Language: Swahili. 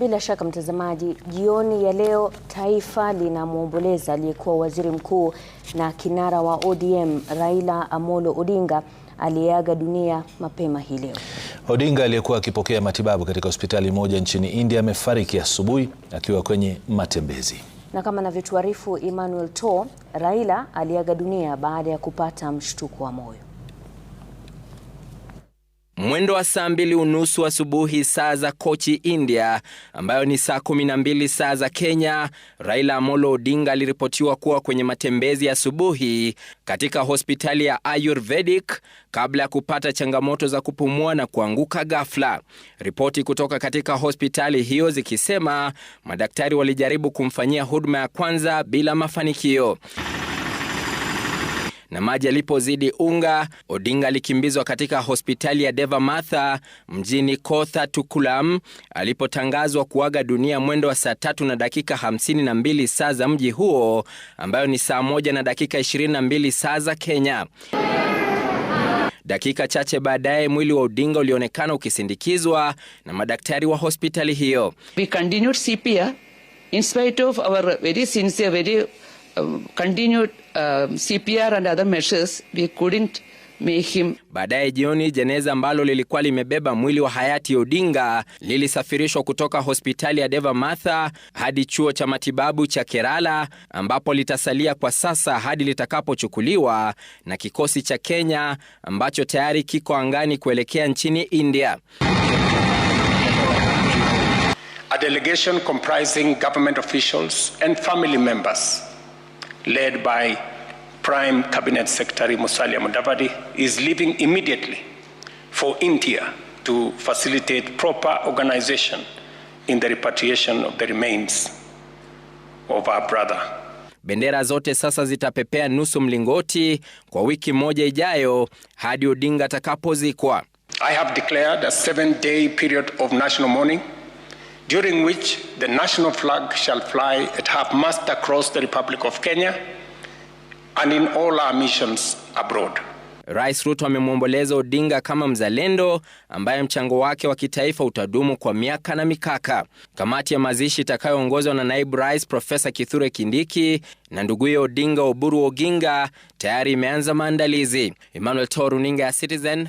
Bila shaka mtazamaji, jioni ya leo taifa linamwomboleza aliyekuwa waziri mkuu na kinara wa ODM Raila Amolo Odinga aliyeaga dunia mapema hii leo. Odinga aliyekuwa akipokea matibabu katika hospitali moja nchini India amefariki asubuhi akiwa kwenye matembezi. Na kama anavyotuarifu Emmanuel To, Raila aliaga dunia baada ya kupata mshtuko wa moyo mwendo wa saa mbili unusu asubuhi saa za Kochi, India, ambayo ni saa mbili saa za Kenya, Raila Amolo Odinga aliripotiwa kuwa kwenye matembezi asubuhi katika hospitali ya Ayurvedic kabla ya kupata changamoto za kupumua na kuanguka ghafla. Ripoti kutoka katika hospitali hiyo zikisema madaktari walijaribu kumfanyia huduma ya kwanza bila mafanikio na maji yalipozidi unga, Odinga alikimbizwa katika hospitali ya Deva matha mjini Kotha Tukulam alipotangazwa kuaga dunia mwendo wa saa tatu na dakika 52 saa za mji huo, ambayo ni saa moja na dakika 22 saa za Kenya. Dakika chache baadaye mwili wa Odinga ulionekana ukisindikizwa na madaktari wa hospitali hiyo. We continued CPR in spite of our very sincere, very Um, continued uh, um, CPR and other measures, we couldn't Baadaye jioni jeneza ambalo lilikuwa limebeba mwili wa hayati Odinga lilisafirishwa kutoka hospitali ya Deva Matha hadi chuo cha matibabu cha Kerala ambapo litasalia kwa sasa hadi litakapochukuliwa na kikosi cha Kenya ambacho tayari kiko angani kuelekea nchini India. A delegation comprising government officials and family members led by Prime Cabinet Secretary Musalia Mudavadi is leaving immediately for India to facilitate proper organization in the repatriation of the remains of our brother. Bendera zote sasa zitapepea nusu mlingoti kwa wiki moja ijayo hadi Odinga atakapozikwa. I have declared a seven day period of national mourning during which the national flag shall fly at half-mast across the Republic of Kenya and in all our missions abroad. Rais Ruto amemwomboleza Odinga kama mzalendo ambaye mchango wake wa kitaifa utadumu kwa miaka na mikaka. Kamati ya mazishi itakayoongozwa na naibu rais Profesa Kithure Kindiki na nduguye Odinga Oburu Oginga tayari imeanza maandalizi. Emmanuel Toruninga ya Citizen,